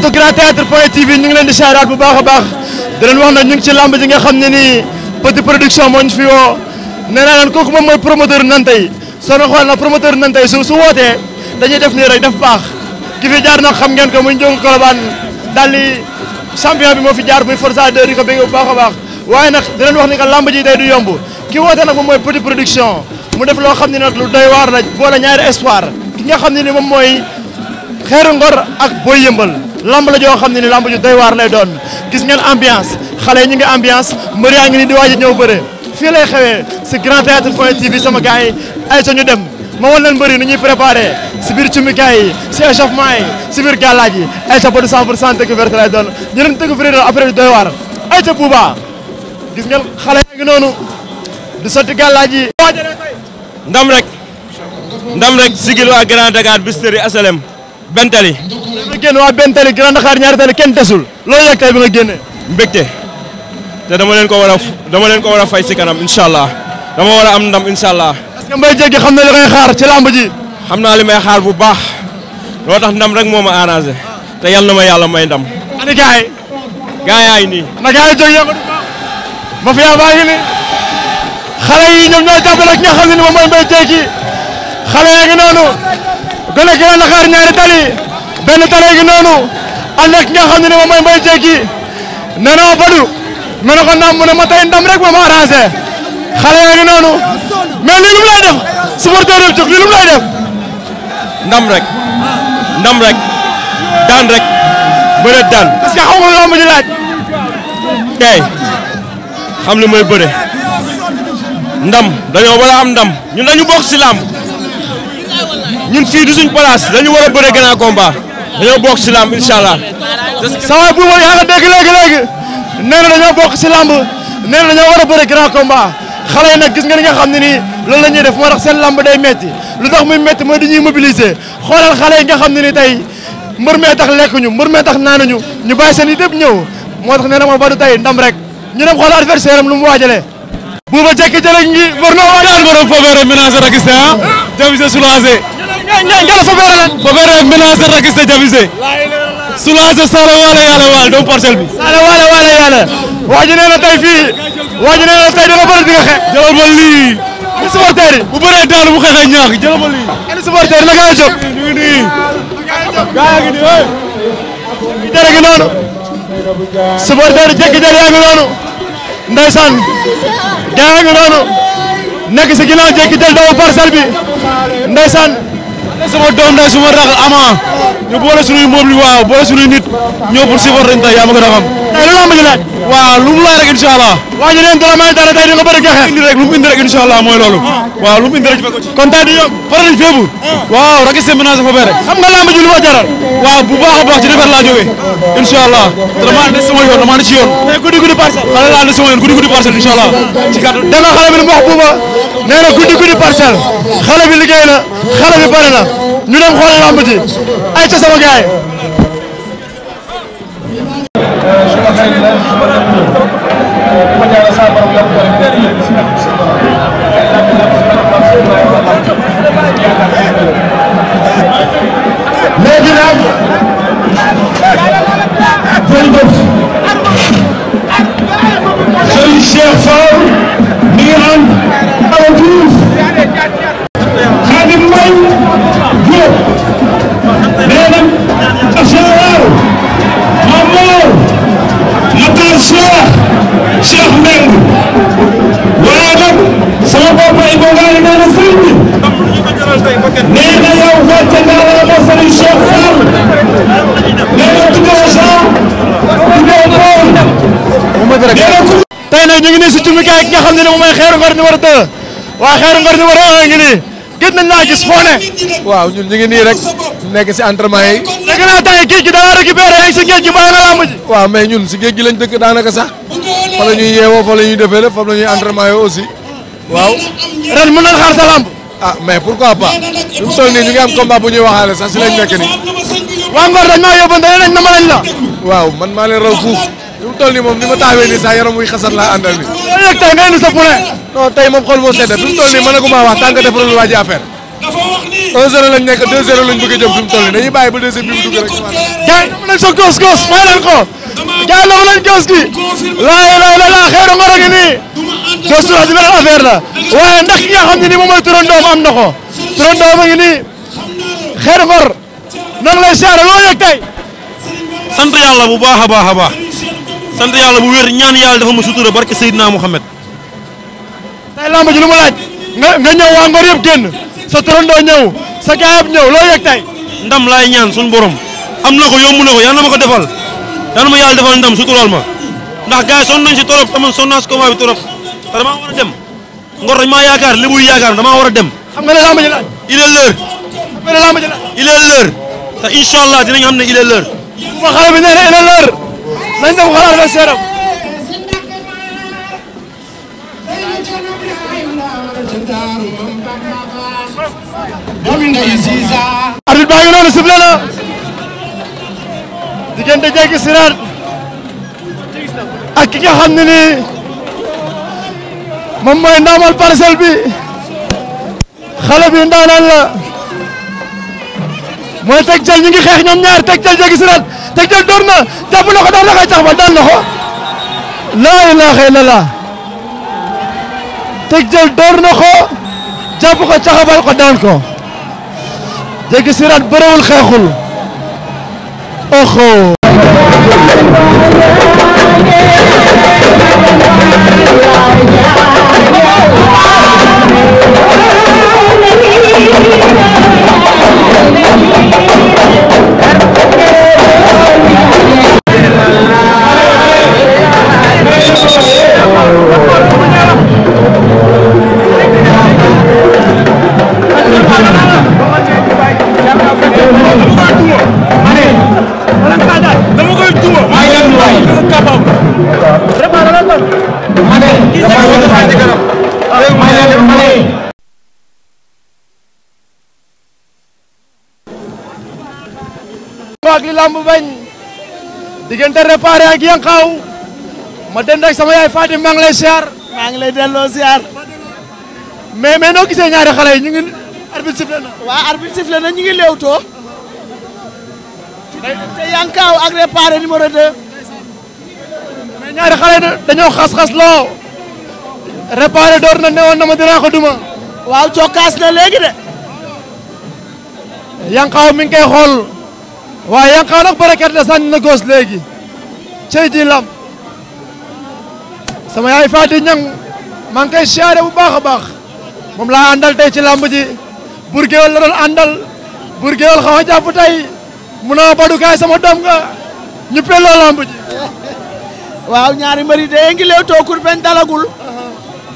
xalaatu grand théâtre point tv ñu ngi leen di xaraat bu baaxa baax di leen wax na ñu ngi ci lamb ji nga xamni ni nii petit production moo ñu fi wo nee naa leen kooku moom mooy promoteur nan tay soo na xool na promoteur nan tay su su wote dañuy def ni rek def baax ki fi jaar nak xam ngeen ko muy njóngu kolaban daal di champion bi mo fi jaar muy forza de rico ko bëgg bu baax a baax waaye nag di leen wax ni ka lamb ji tay du yomb ki wote nak mom moy petit production mu def lo xamni nak lu doy war la bo la ñaari espoir ki nga xamni ni mom moy xéru ngor ak boy yëmbal lamb la jo xamni ni lamb ju doy war lay don gis ngeen ambiance xalé ñi nga ambiance mbër yaa ngi ni di waji ñew beure fi lay xewé si grand théâtre point tv sama gaay ay ca ñu dem ma wan leen mbëri nu ñuy préparé bir ci mi gaay ci échauffement yi si biir gàllaaj yi ay ca bodu 100 pour cent lay don ñu ñu dëkk verte après du doy war ay ca pouba gis ngeen xalé ngi nonu di soti gàllaaj yi ndam rek ndam rek sigil wa grand Dakar bisteri asalem Bentali. dama génn waa Bentali Grand Dakar ñaari tali kenn desul loolu yëg tey bi nga génnee. mbégte te dama leen ko war dama leen ko war a fay si kanam incha allah dama war a am ndam incha allah. parce que Mbaye Dièye xam na li may xaar ci làmb xam na li may xaar bu baax loo tax ndam rek moo ma arrangé te yal na ma yàlla may ndam. ani gars yi. gars nii. na gars yi jóg yëngu ma fi yaa baa ngi xale yi noonu. gone gi na xaar ñaari tali benn tali gi noonu ànd ak nga xam ne moom mooy Mbaye Dièye nee naa Badou mën ko naam mu ne ma tey ndam rek moom arrangé xale yaa noonu mais lii lay def supporter yëpp jóg lii lu lay def. ndam rek ndam rek daan rek bëre daan. parce que xam nga loo laaj. tey xam li mooy bëre ndam dañoo war am ndam ñu dañu bokk si làmb. ñun fii du suñ place dañu war a bëre grand komba dañoo bokk si lamb incha allah. saa waay bu ma yaa nga dégg léegi léegi nee na dañoo bokk si lamb na dañoo war a bëre grand combat xale yi nag gis nga li nga xam ne nii loolu la ñuy def moo tax seen lamb day metti lu tax muy metti mooy dañuy mobiliser xoolal xale yi nga xam ne ni tey mbër mee tax lekkuñu mbër mee tax naanuñu ñu bàyyi seen yëpp ñëw moo tax nee na ma ba du tey ndam rek ñu dem xool adversaire am lu mu waajalee. buuba jekki jële ngi war na waajal borom foofee rek ménage rek gis nga ah. jafe ñala fo beere lan fo beere menacer rek sa javisé soulager sala wala yàlla wal doomu parcelle bi sala wala wala yàlla waaji nee na tey fii waaji nee na tey dina bëri di nga xeex jëlal ma lii ani supporter yi bu bëree daal bu xeexee ñaax jëlal ma lii ani supporter yi naka la jóg ñu ngi nii gaa ngi nii hey jërë ngi noonu supporter yi jékki jël yaa ngi noonu ndeysaan gaa ngi noonu nekk si ginnaaw jékki jël doomu parcelle bi ndeysaan sama doom day suma rax ama ñu boole suñuy moom li waaw boole suñuy nit ñëw pour supporter ñu tey yaa ma gën a xam mais lu lamb ji laaj. waaw lu mu laaj rek incha allah. waa ñu ne dara may di nga bëri joxe. indi rek lu mu indi rek mooy loolu. waaw lu mu indi rek kon tey di yokk pare nañ fépp. waaw rek seen ménage fa bëre. xam nga lamb ji lu ma waaw bu baax a baax ci defar laa jógee. incha allah te damaa ne sama yoon da nga xale bi lu mu nee na guddi guddi parcelle xale bi liggéey na bi pare na ñu dem xool ji ay ca sama gaay 아, waaye ki xam ne moom mooy Xeeru Ngor numéro 2 waaye ngi nii gis nañ laa gis foo ne. waaw ñun ñu ngi nii rek nekk si entraînement yi. dëgg laa tey géej gi da ngaa récupéré ak si géej gi bàyyi nga làmb ji. waaw mais ñun si géej gi lañ dëkk daanaka sax fa la ñuy yeewoo fa la ñuy defee la fa la ñuy entraînement yi aussi waaw. ren mën nañ xaar sa làmb. ah mais pourquoi pas fi mu toll nii ñu ngi am combat bu ñuy waxaale sax si lañ nekk nii. waa Ngor dañ maa yóbbu dañ nañ nama lañ la. waaw man maa leen raw fuuf fi mu toll nii moom ni ma taawee nii sax ëllëg tey nga indi sa poulain. non tey moom xool moo sedd fi mu toll nii mënaguma wax tant que defarul waa ji affaire. 1 0 lañ nekk 2 0 lañ bëgg a jëm fi mu toll nii dañuy bàyyi ba deuxième bi mu dugg rek. gars yi nag sa góos góos may leen ko. gars yi loxo lañ góos gi. laay laay la laa xeeru ngor a ngi nii. góos tuuraat bi beneen affaire la. waaye ndax ki nga xam ne nii moom mooy turandoom am na ko. turandoom a ngi nii. xeeru ngor. nag lay siyaare loo yëg tey. sant yàlla bu baax a baax a baax. sant yàlla bu wér ñaan yàlla dafa ma sutura barke Seydina Mohamed. tey lamb ji lu mu laaj nga ñëw waa Ngor yëpp génn sa turandoo ñëw sa gaayab ñëw loo yëg tey. ndam laay ñaan suñu borom am na ko yomb na ko yal na ma ko defal yal ma yàlla defal ndam suturaal ma ndax gars yi nañ si trop tamit sonn naa si combat bi trop te damaa war a dem Ngor maa yaakaar li yaakaar damaa war a dem. xam nga ne lamb ji laaj. il est l'heure. xam nga ne lamb ji xale bi nee na nañ dem xalaat rek seeram arbitre baa ngi noonu sifflé na diggante Diéguy Sirar ak ki nga xam ne nii moom mooy ndaamal parcelle bi xale bi ndaanaan la mooy teg jël ñu ngi xeex ñoom ñaar teg jël jéggi siraat teg jël door na jàpp na ko daan na koy taxawal daan na ko laa ilaaha illallaah teg jël door na ko jàpp ko taxawal ko daan ko jéggi siraat bërewul xeexul oxo lamb bañ diggante réparé ak yankaw ma dend sama yaay Fatim maa ngi lay siyaar. maa ngi lay delloo siyaar. mais mais noo gisee ñaari xale yi ñu ngi. na waaw arbitre sifflé na ñu ngi léewtoo. te yankaaw ak réparé numéro 2. ñaari xale yi dañoo xas-xas loo. réparé door na newoon na ma dinaa ko duma. waaw cokkaas na léegi de. yankaaw mi ngi koy waaye Yankaw nag baraket la sànni na góos léegi cey di lam sama yaay Fadi Ñang maa ngi koy siyaare bu baax a baax moom laa àndal tey ci làmb ji burgéwal la doon àndal burgéwal xaw a jàpp tey mu na badukaay sama doom nga ñu pelloo làmb ji waaw ñaari mbëri de ngi leew too kur dalagul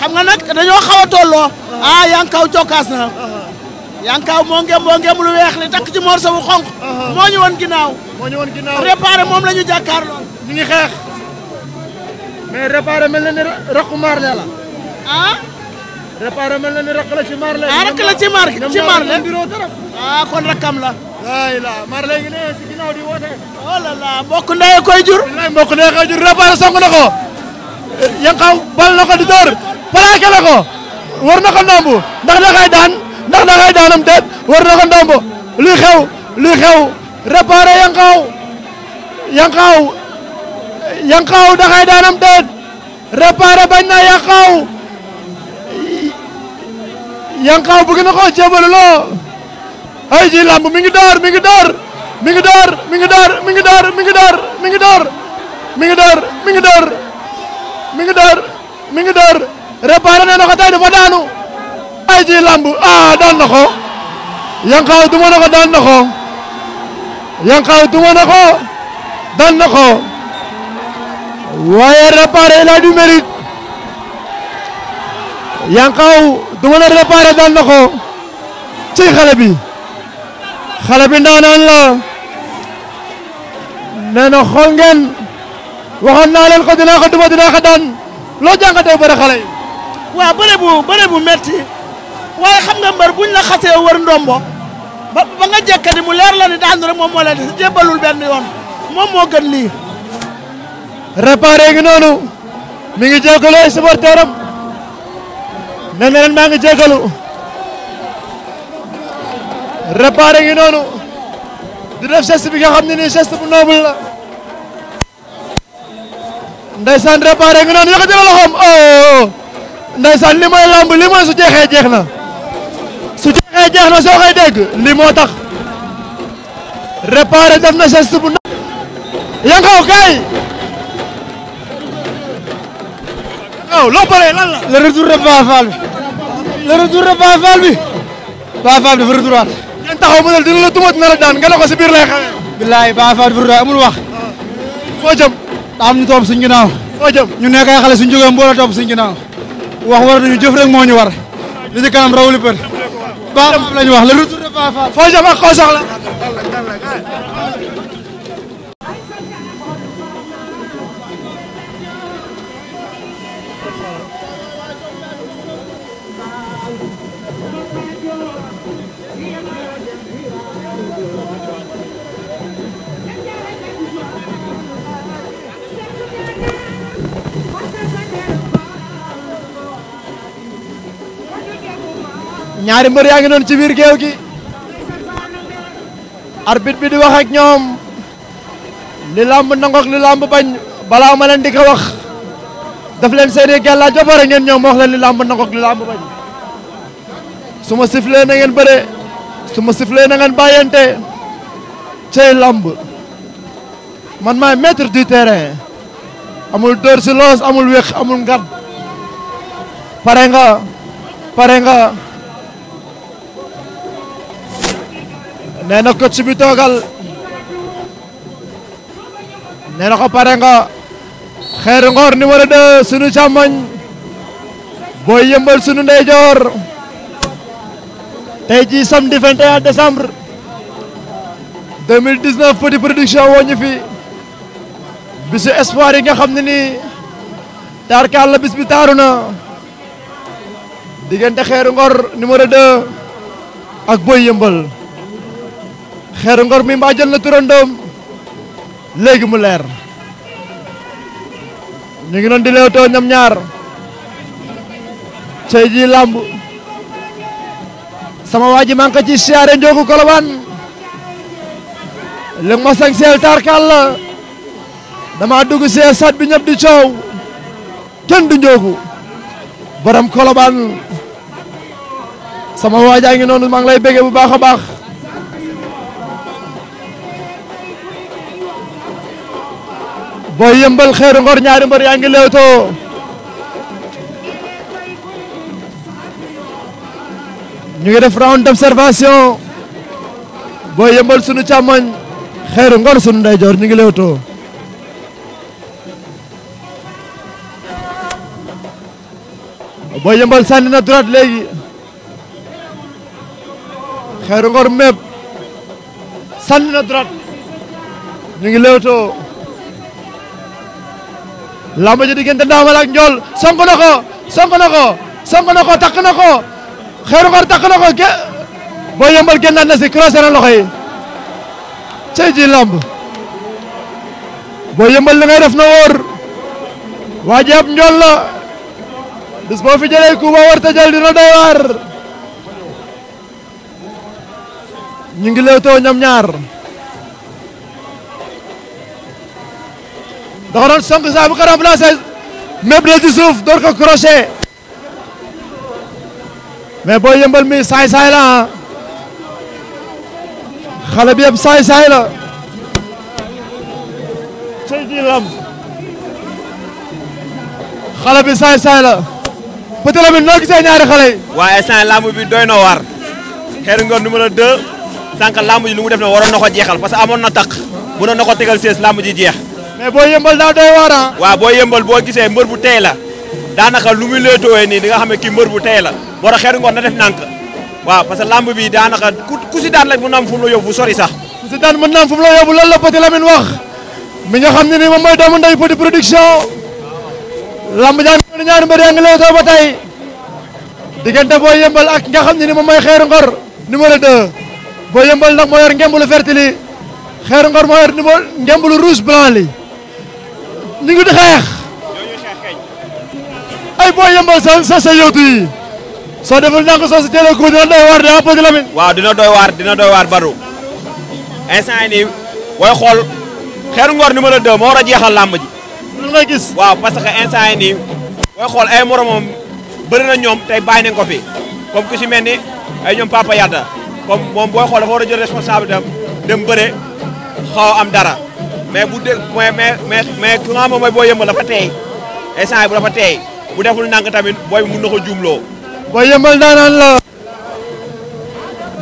xam nga nag dañoo xaw a tolloo ah Yankaw cokkaas na Yankaw moo ngem moo ngem lu weex li takk ci morso bu xonq uh-huh. moo ñu woon ginnaaw moo ñu woon ginnaaw réparé moom la ñu jàkkaar lool ñu ngi xeex mais réparé mel na ni rakku Marley la ah réparé mel na ni rakk la ci Marley ah rakk ah, kon rakkam la la Marley ngi si ginnaaw di woote oh koy jur wallaay mbokk koy jur réparé song na ko Yankaw bal na ko di dóor plaqué la ko war na ko ndax da daan kanam déet war na ko ndombo luy xew luy xew réparé yang yankaaw yankaaw daxay daanam déet réparé bañ na yang yankaaw bëgg na koo jébalu loo ay ji lamb mi ngi door mi ngi door mi ngi door mi ngi door mi ngi mi ngi mi ngi mi ngi mi ngi mi ngi mi ngi na ko dafa ay ci làmb ah daan na ko duma na ko daan waaye réparé il a du mérite Yankaw duma na réparé daan na ko ci xale bi xale bi ndaanaan la nee na xool ngeen waxoon naa leen duma dinaa ko daan loo jàngatee bëre xale yi. waaw bëre bu bëre bu metti waaye xam nga mbër buñ la xasee wër ndombo ba ba nga jekkani mu leer la ni daanu rek moom moo la des jébbalul benn yoon moom moo gën lii. réparé ngi noonu mi ngi jégalu ay supporter am na maa ngi jégalu réparé ngi noonu di def geste bi nga xam ne nii geste bu noble la. Ndeysaan réparé ngi noonu yëkkati la loxoom oh, oh, oh Ndeysaan li mooy lamb li mooy jeexee jeex na. waaye jeex na soo koy dégg li moo tax réparé def na geste bu na yankaw kay lan la le retour de Bafal bi le retour de Bafal bi Bafal dafa retouraat ngeen taxaw mu ne dina la tumat na la daan nga ne ko si biir lay xawee billaay Bafal dafa retouraat amul wax ah. foo jëm am ñu topp suñ ginnaaw foo jëm ñu nekk ay xale suñ jógee mbooloo topp suñ ginnaaw wax war nañu jëf rek ñu war li ci kanam Paa lañ wax le retour de Paa Fall foo jëm ak xoo soxla ñaari mbeur yaangi ngi ci bir geew gi arbitre bi di wax ak ñom li lamb nangok li lamb bañ nyom, ma len di ko wax daf len seeni gella ba ngeen ñom wax len li lamb nangok li lamb bañ suma sifle na ngeen suma sifle na ngeen bayante ci lamb man maître du terrain amul dor ci los amul wex amul ngad pare nga neno ko coach gal neno ko parengo nga Xeeru Ngor numéro 2 sunu càmmoñ Boy yembal sunu ndeyjoor tey jii samedi 21 décembre 2019 Petit Production woo fi bisu espoir yi nga xamni ni tar ka la bis bi taaru na diggante Xeeru Ngor numéro 2 ak Boy yembal xeeru ngor mi mbaa jël na turandoom légui mu lèr ñu ngi non di leewtoo ñam ñaar cey ji sama waji ji maa ngi ko ci siyaare njóogu kolobaan li ma sang sel tarkal la dama dugg see sat bi ñep di ciow kenn du ndogu borom kolobaan sama waajaa ngi non ma ngi lay bu baaxa baax booy yëmbal xeeru ngor ñaari mbar yaa ngi leewtoo ñu ngi def round d'observation booy yëmbal sunu càmmoñ xeeru ngor sunu ndeyjoor ñu ngi leewtoo booy yëmbal sànni na droite léegi xeeru ngor mépp sànni ñu ngi leewtoo lama jadi diggante ndaamal ak jol sonk na ko sonk na ko sonk na ko takk na ko xeeru ngor takk na ko ge boo yëmbal génnaat na si croisé na loxo yi cey ji lamb boo yëmbal li ngay def na wóor la bis fi jale ku ba war ta jël dina doy waar ñu ngi ñaar dafa doon sonk saa bu ko remplacé méb la ci suuf door ko crochet mais booy yëmbal mi saay-saay la ah xale bi yëpp saay-saay la cey ji xale bi saay-saay la peut la bi noo gisee ñaari xale yi waaye san bi doy na war xeer ngoon numéro 2 sànq lamb ji lu mu def na ko parce que na bu na ko tegal sees lamb ji jeex mais boo yëmbal daa doy waar ah. waaw boo yëmbal boo gisee mbër bu tey la daanaka lu muy léetowee nii di nga xam ne kii mbër bu tey la boo tax xeetu ngoon na def nànk waaw parce que lamb bi daanaka ku si daan la mën mu la yóbbu la yóbbu la Petit wax mi nga xam ne nii moom mooy doomu ndey Petit Production lamb jaa ngi ñaari mbër léetoo ba tey diggante boo ak nga xam ne ni moom mooy xeeru ngor numéro 2 boo yëmbal moo yor ngembulu vert li xeeru moo yor ñu ngi di xex ay boy yamba sa sa sa yóotu yi soo deful naa ko soo ko dina doy waar dina Petit Lamine waaw dina doy war dina doy war Badou instant ni way xol xer Ngor ni 2 de mo ra jexal lamb ji loolu ngay gis waaw parce que instant ni way xol ay moromam beure eh, na ñom tay bay nañ ko fi comme ku ci melni ay ñom Papa Yadda comme mom boy xol dafa war a jël responsable dem dem beure xaw am dara mais bu dé mais mais mais ki nga xam mooy boo yëmbal dafa teey instant yi bu dafa teey bu deful ndànk tamit booy bi mun na ko juumloo. boo yëmbal daanaan la.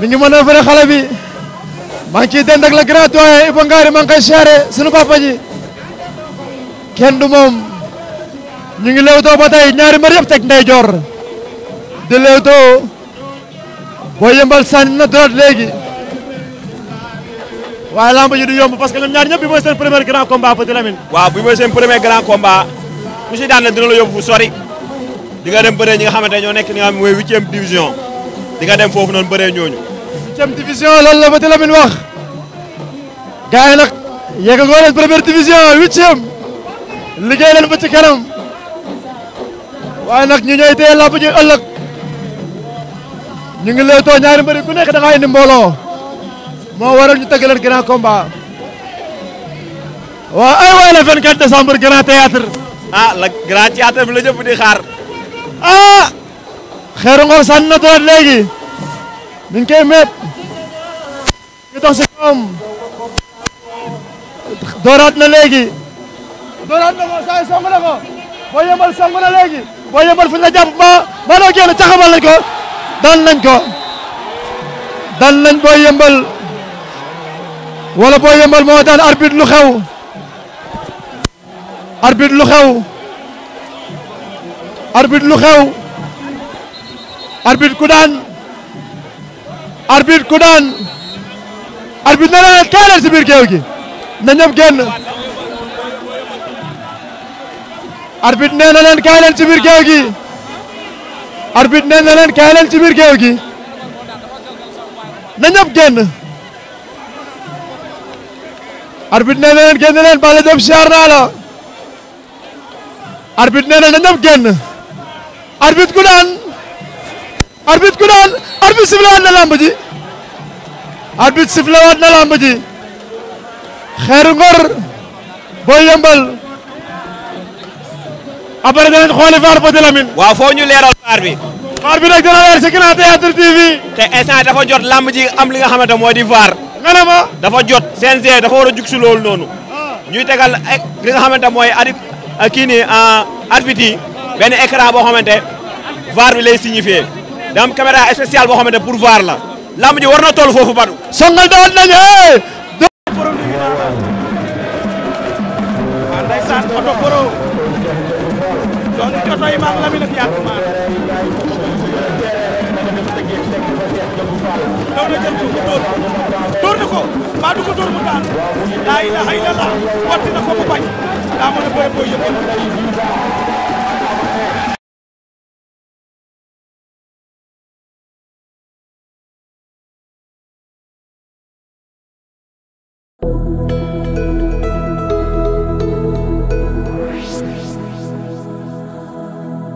mi ngi mën a fële xale bi. maa ngi ciy dend ak la grand doyen Iba Ngari maa ngi koy siyaare sunu papa kenn du moom. ñu ngi lewtoo ba tey ñaari mbër yëpp teg ndeyjoor. di lewtoo. boo yëmbal sànni na droite léegi. waa lamb ji du yomb parce que ñoom ñaar ñëpp bi mooy seen premier grand combat Petit Lamine bi mooy seen premier grand combat ku si daan na dina fu sori di nga dem bëree ñi nga xamante ñoo nekk ni nga xam di nga dem foofu noonu bëree ñooñu huitième division loolu la Petit Lamine wax gars yi nag yeggagoo leen première division huitième liggéey leen ba ci kanam waaye nag ñu ñooy téye lamb ji ëllëg ñu ngi leetoo ñaari mbëri ku nekk da indi mbooloo moo waral ñu tëgg leen grand combat. waaw ay waay le 24 décembre grand théâtre ah la grand théâtre bi la ñëpp di xaar. ah. Xeeru Ngor na droite léegi. mi ngi koy mépp. ñu na léegi. dooraat na ko saa yu song na ko. boo yëmbal song na léegi. boo yëmbal fu ñu la jàpp ba ba doo génn caxabal nañ ko. na nañ ko. daan nañ boo yëmbal. wala Boy Yeumbeul moo daan arbitre lu xew arbitre lu xew arbitre lu xew arbitre ku daan arbitre ku daan arbitre na leen kaay leen si biir géew gi na ñëpp génn arbitre nee na leen kaay leen ci biir géew gi arbitre nee na leen kaay ci biir géew gi na ñëpp génn arbit nee na leen génn leen siyaar naa la arbitre nee na leen dem génn arbitre ku daan arbitre ku daan arbitre sifle waat na lamb ji arbitre waat na lamb ji ngor booy yëmbal après danañ xooli VAR ba Lamine. waaw foo ñu leeral VAR bi. VAR bi nag dana leer si Kina Théâtre TV. te instant dafa jot lamb ji am li nga xamante mooy di xanaa dafa jot CNG dafa war a jug si loolu noonu ñuy tegal ak li nga xamante mooy at eh, kii nii eh, benn écran boo xamante VAR bi lay signifié da am caméra spéciale boo xamante pour VAR la lamb war na toll foofu badu songal doon nañu waaw daw na jël ko mu dóor na ko mbaa du ko dóor mu daan laa ilaha illallah watti na ko mu bañ daa mën a bëre booy yëpp